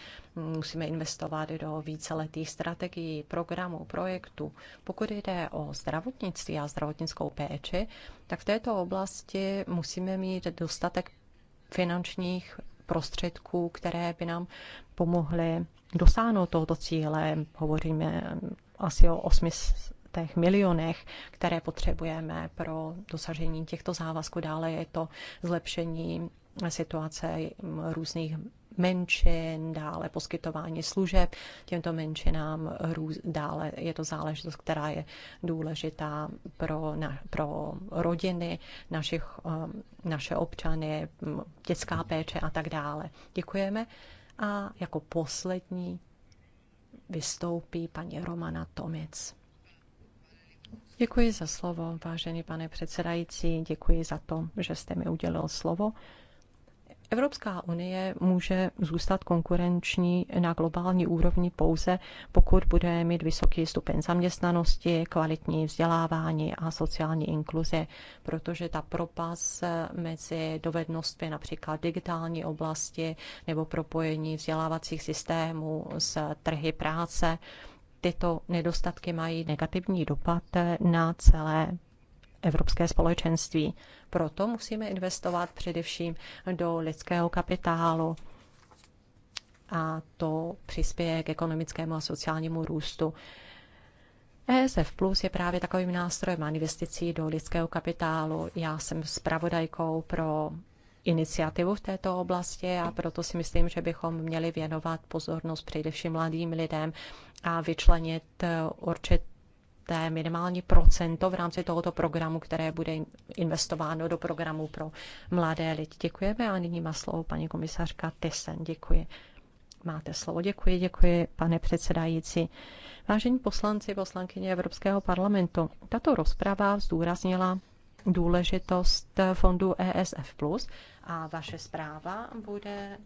musíme investovat do víceletých strategií, programů, projektů. Pokud jde o zdravotnictví a zdravotnickou péči, tak v této oblasti musíme mít dostatek finančních prostředků, které by nám pomohly dosáhnout tohoto cíle. Hovoříme asi o 800 miliardách, milionech, které potřebujeme pro dosažení těchto závazků. Dále je to zlepšení situace různých menšin, dále poskytování služeb těmto menšinám, růz, dále je to záležitost, která je důležitá pro, na, pro rodiny, našich, um, naše občany, dětská péče a tak dále. Děkujeme. A jako poslední vystoupí paní Romana Tomic. Děkuji za slovo, vážený pane předsedající, děkuji za to, že jste mi udělil slovo. Evropská unie může zůstat konkurenční na globální úrovni pouze, pokud bude mít vysoký stupeň zaměstnanosti, kvalitní vzdělávání a sociální inkluzi, protože ta propas mezi dovednostmi například digitální oblasti nebo propojení vzdělávacích systémů s trhy práce, tyto nedostatky mají negativní dopad na celé evropské společenství. Proto musíme investovat především do lidského kapitálu a to přispěje k ekonomickému a sociálnímu růstu. ESF Plus je právě takovým nástrojem investicí do lidského kapitálu. Já jsem zpravodajkou pro iniciativu v této oblasti a proto si myslím, že bychom měli věnovat pozornost především mladým lidem a vyčlenit eh, určit té minimální procento v rámci tohoto programu, které bude investováno do programu pro mladé lidi. Děkujeme a nyní má slovo paní komisařka Tysen. Děkuji. Máte slovo. Děkuji, děkuji, pane předsedající. Vážení poslanci, poslankyně Evropského parlamentu, tato rozprava zdůraznila důležitost fondu ESF+. A vaše zpráva bude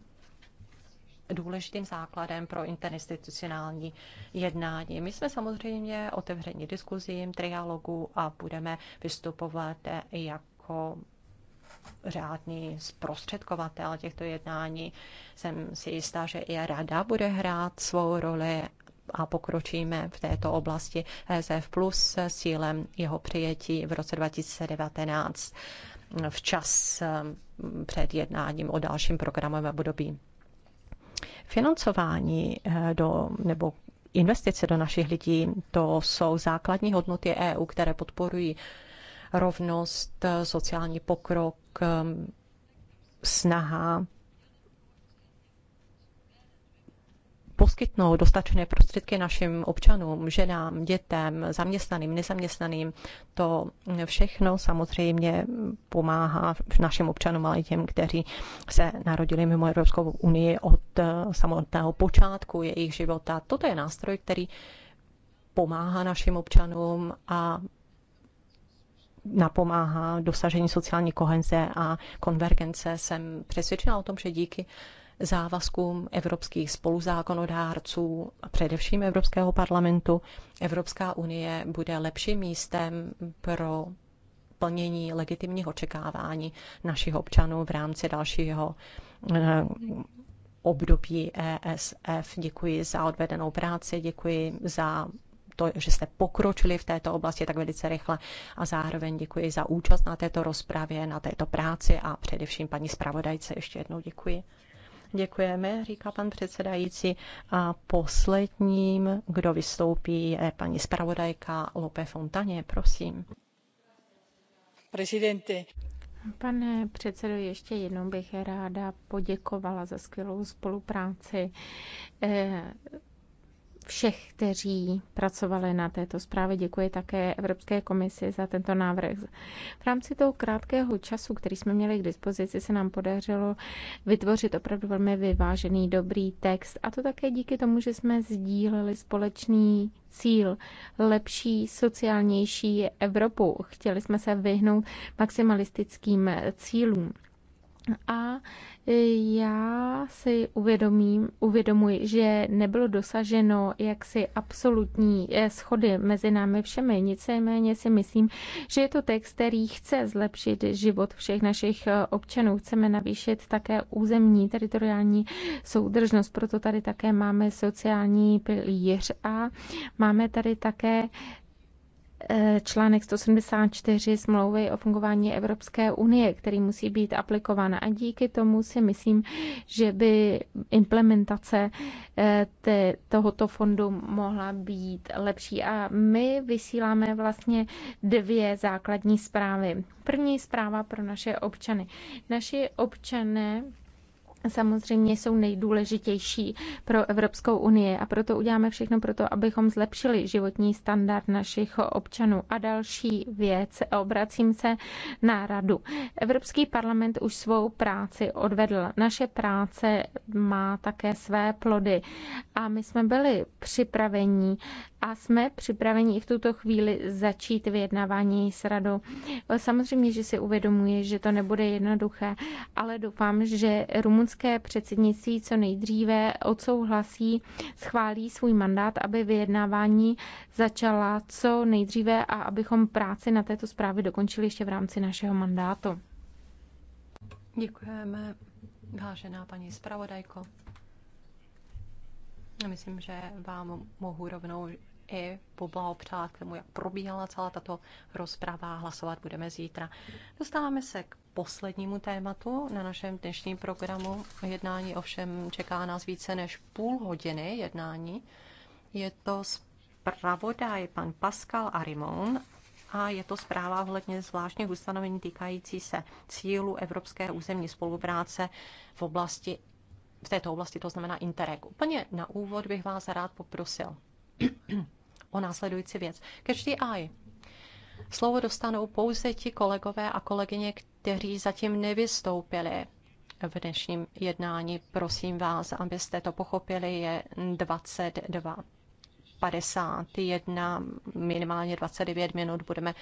důležitým základem pro interinstitucionální jednání. My jsme samozřejmě otevření diskuzím, trialogu a budeme vystupovat jako řádný zprostředkovatel těchto jednání. Jsem si jistá, že i rada bude hrát svou roli a pokročíme v této oblasti ESF Plus s cílem jeho přijetí v roce 2019 včas um, před jednáním o dalším programovém období. Financování eh, do, nebo investice do našich lidí, to jsou základní hodnoty EU, které podporují rovnost, eh, sociální pokrok, eh, snaha poskytnout dostatečné prostředky našim občanům, ženám, dětem, zaměstnaným, nezaměstnaným. To všechno samozřejmě pomáhá našim občanům, ale i těm, kteří se narodili mimo Evropskou unii od eh, samotného počátku jejich života. Toto je nástroj, který pomáhá našim občanům a napomáhá dosažení sociální kohenze a konvergence. Jsem přesvědčena o tom, že díky závazkům evropských spoluzákonodárců a především Evropského parlamentu. Evropská unie bude lepším místem pro plnění legitimních očekávání našich občanů v rámci dalšího eh, období ESF. Děkuji za odvedenou práci, děkuji za to, že jste pokročili v této oblasti tak velice rychle a zároveň děkuji za účast na této rozpravě, na této práci a především paní zpravodajce ještě jednou děkuji. Děkujeme, říká pan předsedající. A posledním, kdo vystoupí, je paní zpravodajka Lope Fontaně. Prosím. Prezidente. Pane předsedo, ještě jednou bych ráda poděkovala za skvělou spolupráci eh, všech, kteří pracovali na této zprávě. Děkuji také Evropské komisi za tento návrh. V rámci toho krátkého času, který jsme měli k dispozici, se nám podařilo vytvořit opravdu velmi vyvážený, dobrý text. A to také díky tomu, že jsme sdíleli společný cíl lepší, sociálnější Evropu. Chtěli jsme se vyhnout maximalistickým cílům a e, já si uvědomím, uvědomuji, že nebylo dosaženo jaksi absolutní e, schody mezi námi všemi. Nicméně si myslím, že je to text, který chce zlepšit život všech našich e, občanů. Chceme navýšit také územní teritoriální soudržnost, proto tady také máme sociální pilíř a máme tady také Eh, článek 174 smlouvy o fungování Evropské unie, který musí být aplikován. A díky tomu si myslím, že by implementace eh, te, tohoto fondu mohla být lepší. A my vysíláme vlastně dvě základní zprávy. První zpráva pro naše občany. Naši občané samozřejmě jsou nejdůležitější pro Evropskou unii a proto uděláme všechno pro to, abychom zlepšili životní standard našich občanů. A další věc, obracím se na radu. Evropský parlament už svou práci odvedl. Naše práce má také své plody a my jsme byli připraveni a jsme připraveni i v tuto chvíli začít vyjednávání s radou. Samozřejmě, že si uvědomuje, že to nebude jednoduché, ale doufám, že rumunský irské předsednictví co nejdříve odsouhlasí, schválí svůj mandát, aby vyjednávání začala co nejdříve a abychom práci na této zprávě dokončili ještě v rámci našeho mandátu. Děkujeme, vážená paní zpravodajko. Myslím, že vám mohu rovnou i poblahopřát k tomu, jak probíhala celá tato rozprava. Hlasovat budeme zítra. Dostáváme se k poslednímu tématu na našem dnešním programu. Jednání ovšem čeká nás více než půl hodiny jednání. Je to zpravodaj pan Pascal Arimon a je to zpráva ohledně zvláštních ustanovení týkající se cílu Evropské územní spolupráce v oblasti v této oblasti, to znamená Interreg. Úplně na úvod bych vás rád poprosil o následující věc. Každý aj. Slovo dostanou pouze ti kolegové a kolegyně, kteří zatím nevystoupili v dnešním jednání. Prosím vás, abyste to pochopili, je 22 51, minimálně 29 minut budeme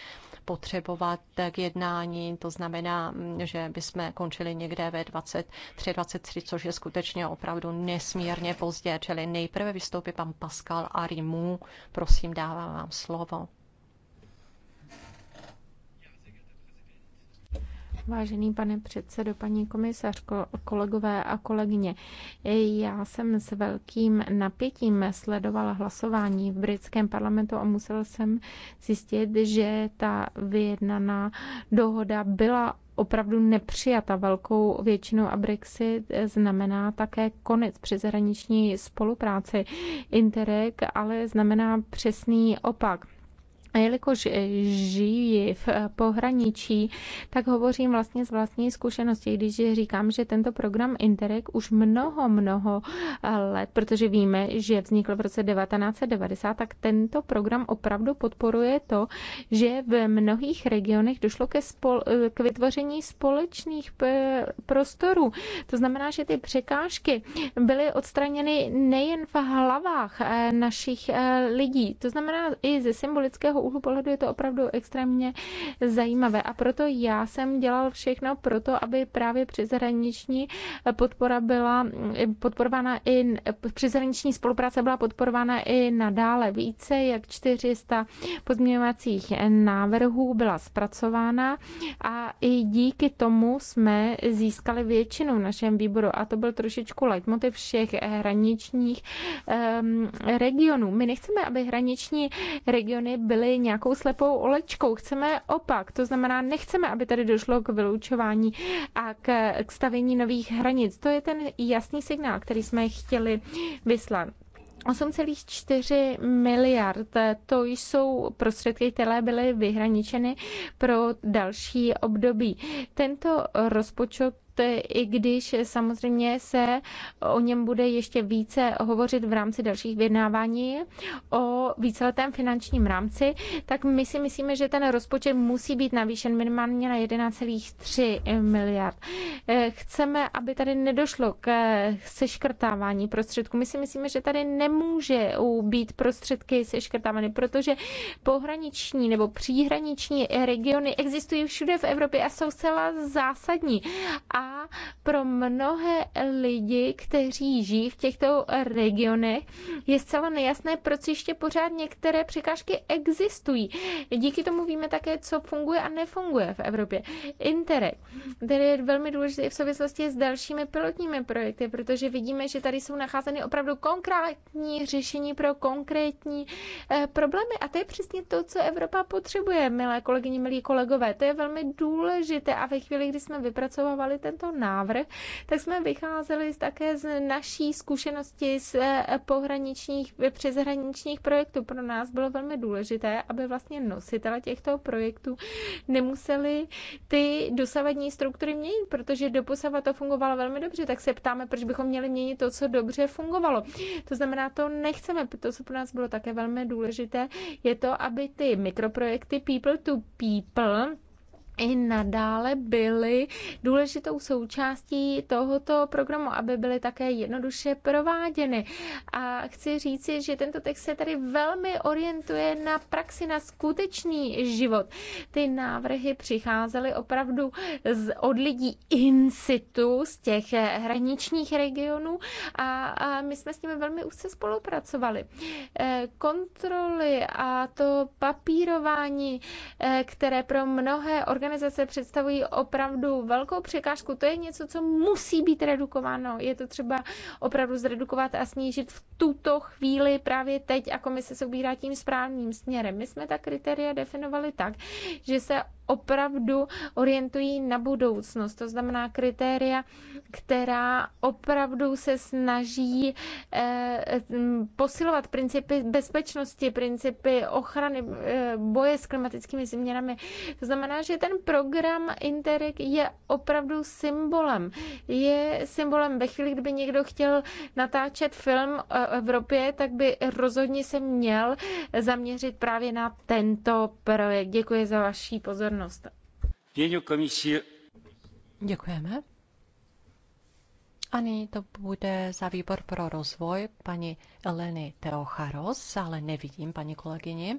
potřebovat k jednání. To znamená, že bychom končili někde ve 23, 23, což je skutečně opravdu nesmírně pozdě. Čili nejprve vystoupí pan Pascal Arimu. Prosím, dávám vám slovo. Vážený pane předsedo, paní komisařko, kolegové a kolegyně, já jsem s velkým napětím sledovala hlasování v britském parlamentu a musel jsem zjistit, že ta vyjednaná dohoda byla opravdu nepřijata velkou většinou a Brexit znamená také konec přezahraniční spolupráci. Interreg ale znamená přesný opak a jelikož žijí v pohraničí, tak hovořím vlastně z vlastní zkušenosti, když říkám, že tento program Interreg už mnoho, mnoho let, protože víme, že vznikl v roce 1990, tak tento program opravdu podporuje to, že v mnohých regionech došlo ke spol- k vytvoření společných prostorů. To znamená, že ty překážky byly odstraněny nejen v hlavách eh, našich eh, lidí. To znamená i ze symbolického úhlu pohledu je to opravdu extrémně zajímavé. A proto já jsem dělal všechno pro to, aby právě přezahraniční podpora byla podporována i přezahraniční spolupráce byla podporována i nadále. Více jak 400 pozměňovacích návrhů byla zpracována a i díky tomu jsme získali většinu v našem výboru a to byl trošičku leitmotiv všech hraničních um, regionů. My nechceme, aby hraniční regiony byly nějakou slepou olečkou. Chceme opak, to znamená, nechceme, aby tady došlo k vyloučování a k, k stavění nových hranic. To je ten jasný signál, který jsme chtěli vyslat. 8,4 miliard, to jsou prostředky, které byly vyhraničeny pro další období. Tento rozpočet to je, i když samozřejmě se o něm bude ještě více hovořit v rámci dalších vyjednávání o víceletém finančním rámci, tak my si myslíme, že ten rozpočet musí být navýšen minimálně na 11,3 miliard. Chceme, aby tady nedošlo k seškrtávání prostředků. My si myslíme, že tady nemůže být prostředky seškrtávány, protože pohraniční nebo příhraniční regiony existují všude v Evropě a jsou zcela zásadní. A a pro mnohé lidi, kteří žijí v těchto regionech, je zcela nejasné, proč ještě pořád některé překážky existují. Díky tomu víme také, co funguje a nefunguje v Evropě. Interreg, který je velmi důležitý v souvislosti s dalšími pilotními projekty, protože vidíme, že tady jsou nacházeny opravdu konkrétní řešení pro konkrétní eh, problémy a to je přesně to, co Evropa potřebuje, milé kolegyně, milí kolegové. To je velmi důležité a ve chvíli, kdy jsme vypracovávali ten tento návrh, tak jsme vycházeli také z naší zkušenosti z eh, pohraničních, eh, přeshraničních projektů. Pro nás bylo velmi důležité, aby vlastně nositele těchto projektů nemuseli ty dosavadní struktury měnit, protože doposavat to fungovalo velmi dobře, tak se ptáme, proč bychom měli měnit to, co dobře fungovalo. To znamená, to nechceme, to, co pro nás bylo také velmi důležité, je to, aby ty mikroprojekty people to people i nadále byly důležitou součástí tohoto programu, aby byly také jednoduše prováděny. A chci říci, že tento text se tady velmi orientuje na praxi, na skutečný život. Ty návrhy přicházely opravdu z, od lidí in situ, z těch hraničních regionů a, a my jsme s nimi velmi úzce spolupracovali. Eh, kontroly a to papírování, eh, které pro mnohé organizace organizace představují opravdu velkou překážku. To je něco, co musí být redukováno. Je to třeba opravdu zredukovat a snížit v tuto chvíli právě teď a komise se ubírá tím správným směrem. My jsme ta kritéria definovali tak, že se opravdu orientují na budoucnost. To znamená kritéria, která opravdu se snaží eh, posilovat principy bezpečnosti, principy ochrany eh, boje s klimatickými změnami. To znamená, že ten program Interreg je opravdu symbolem. Je symbolem ve chvíli, kdyby někdo chtěl natáčet film o Evropě, tak by rozhodně se měl zaměřit právě na tento projekt. Děkuji za vaší pozornost pozornost. Děkujeme. A nyní to bude za výbor pro rozvoj paní Eleny Teocharos, ale nevidím paní kolegyni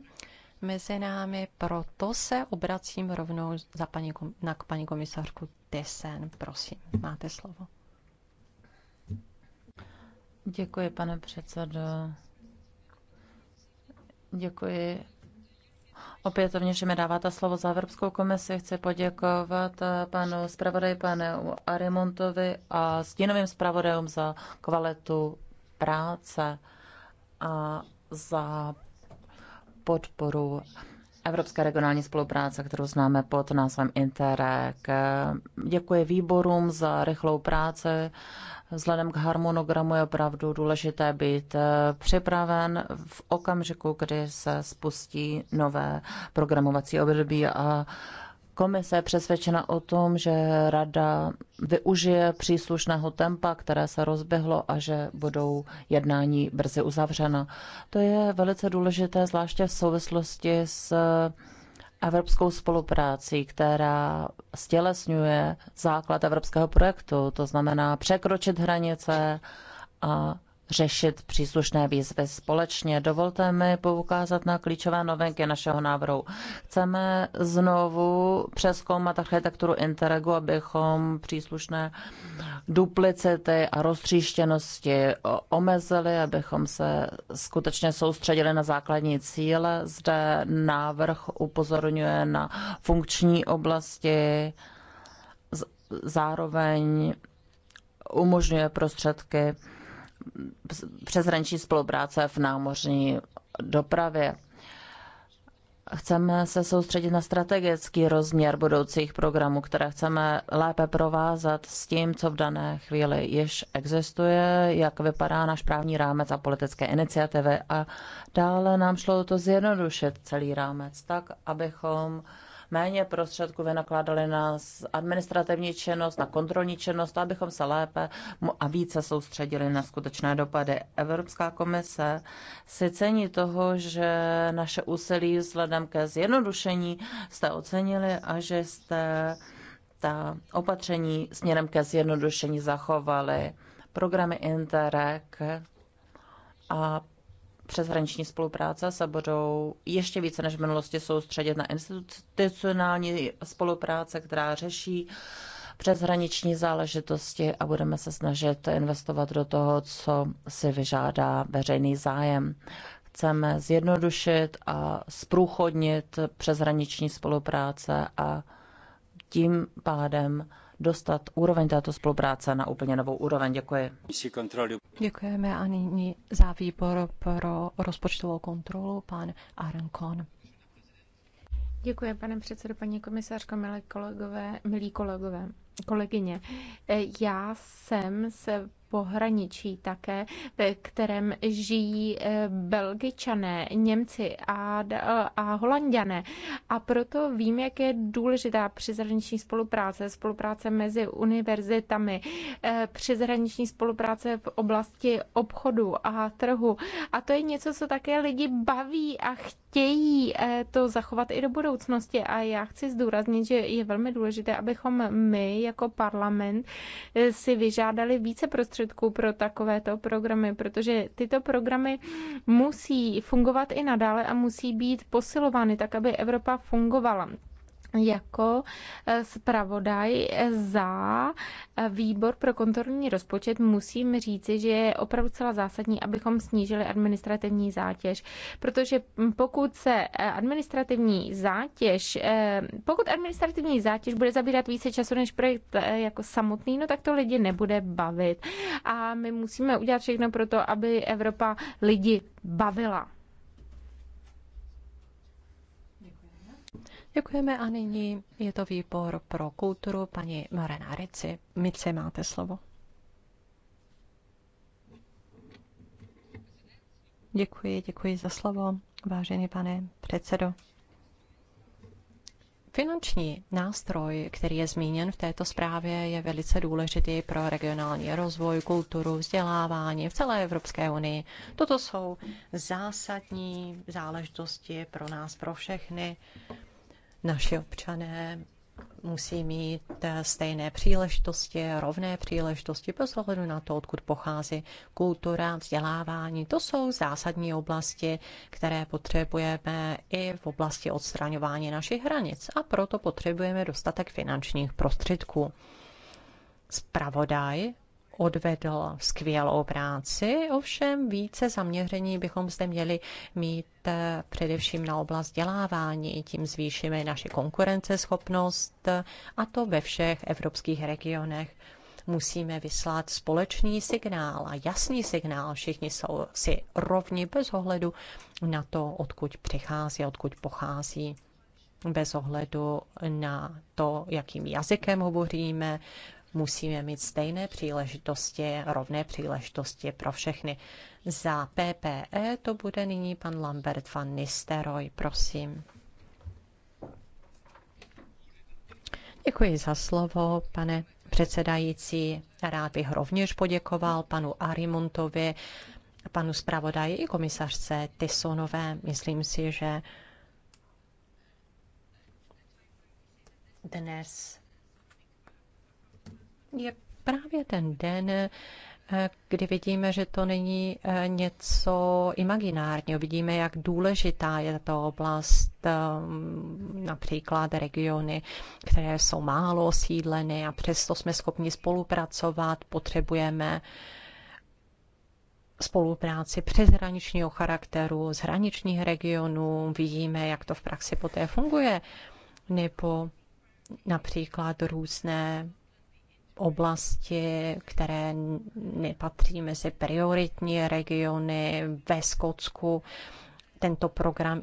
mezi námi, proto se obracím rovnou za paní, na paní komisařku Tesen. Prosím, máte slovo. Děkuji, pane předsedo. Děkuji Opětovně, že mi dáváte slovo za Evropskou komisi, chci poděkovat eh, panu zpravodaji, panu Arimontovi a stínovým zpravodajům za kvalitu práce a za podporu Evropské regionální spolupráce, kterou známe pod názvem Interreg. Děkuji výborům za rychlou práci, Vzhledem k harmonogramu je opravdu důležité být eh, připraven v okamžiku, kdy se spustí nové programovací období a Komise je přesvědčena o tom, že rada využije příslušného tempa, které se rozběhlo a že budou jednání brzy uzavřena. To je velice důležité, zvláště v souvislosti s evropskou spolupráci, která stělesňuje základ evropského projektu, to znamená překročit hranice a řešit příslušné výzvy společně. Dovolte mi poukázat na klíčové novinky našeho návrhu. Chceme znovu přeskoumat architekturu Interregu, abychom příslušné duplicity a roztříštěnosti omezili, abychom se skutečně soustředili na základní cíle. Zde návrh upozorňuje na funkční oblasti, zároveň umožňuje prostředky přeshraniční spolupráce v námořní dopravě. Chceme se soustředit na strategický rozměr budoucích programů, které chceme lépe provázat s tím, co v dané chvíli již existuje, jak vypadá náš právní rámec a politické iniciativy. A dále nám šlo to zjednodušit celý rámec tak, abychom méně prostředků vynakládali na administrativní činnost, na kontrolní činnost, abychom se lépe a více soustředili na skutečné dopady. Evropská komise si cení toho, že naše úsilí vzhledem ke zjednodušení jste ocenili a že jste ta opatření směrem ke zjednodušení zachovali programy Interreg a přeshraniční spolupráce se budou ještě více než v minulosti soustředit na institucionální spolupráce, která řeší přeshraniční záležitosti a budeme se snažit investovat do toho, co si vyžádá veřejný zájem. Chceme zjednodušit a zprůchodnit přeshraniční spolupráce a tím pádem dostat úroveň této spolupráce na úplně novou úroveň. Děkuji. Děkujeme a nyní za výbor pro rozpočtovou kontrolu pan Kohn. Děkuji, pane předsedo, paní komisářko, milé kolegové, milí kolegové, kolegyně. Já jsem se pohraničí také, ve kterém žijí eh, Belgičané, Němci a, a holanděné. A proto vím, jak je důležitá přeshraniční spolupráce, spolupráce mezi univerzitami, eh, přeshraniční spolupráce v oblasti obchodu a trhu. A to je něco, co také lidi baví a chtějí eh, to zachovat i do budoucnosti. A já chci zdůraznit, že je velmi důležité, abychom my jako parlament si vyžádali více prostředků prostředků pro takovéto programy, protože tyto programy musí fungovat i nadále a musí být posilovány tak, aby Evropa fungovala jako eh, zpravodaj za eh, výbor pro kontrolní rozpočet musím říci, že je opravdu celá zásadní, abychom snížili administrativní zátěž, protože pokud se eh, administrativní zátěž, pokud administrativní zátěž bude zabírat více času než projekt jako samotný, no tak to lidi nebude bavit. A my musíme udělat všechno pro to, aby Evropa lidi bavila. Děkujeme a nyní je to výbor pro kulturu. Paní Morena Rici, Mici, máte slovo. Děkuji, děkuji za slovo, vážený pane předsedo. Finanční nástroj, který je zmíněn v této zprávě, je velice důležitý pro regionální rozvoj, kulturu, vzdělávání v celé Evropské unii. Toto jsou zásadní záležitosti pro nás, pro všechny naši občané musí mít eh, stejné příležitosti, rovné příležitosti bez ohledu na to, odkud pochází kultura, vzdělávání. To jsou zásadní oblasti, které potřebujeme i v oblasti odstraňování našich hranic a proto potřebujeme dostatek finančních prostředků. Spravodaj odvedl skvělou práci, ovšem více zaměření bychom zde měli mít eh, především na oblast dělávání. Tím zvýšíme naši konkurenceschopnost a to ve všech evropských regionech. Musíme vyslat společný signál a jasný signál. Všichni jsou si rovni bez ohledu na to, odkud přichází, odkud pochází bez ohledu na to, jakým jazykem hovoříme, musíme mít stejné příležitosti, rovné příležitosti pro všechny. Za PPE to bude nyní pan Lambert van Nisteroy, prosím. Děkuji za slovo, pane předsedající. Rád bych rovněž poděkoval panu Arimontovi, panu zpravodaji i komisařce Tysonové. Myslím si, že dnes je právě ten den, eh, kdy vidíme, že to není eh, něco imaginárního. Vidíme, jak důležitá je ta oblast, ehm, například regiony, které jsou málo osídleny a přesto jsme schopni spolupracovat, potřebujeme spolupráci přeshraničního charakteru z hraničních regionů, vidíme, jak to v praxi poté funguje, nebo například různé oblasti, které nepatří mezi prioritní regiony ve Skotsku. Tento program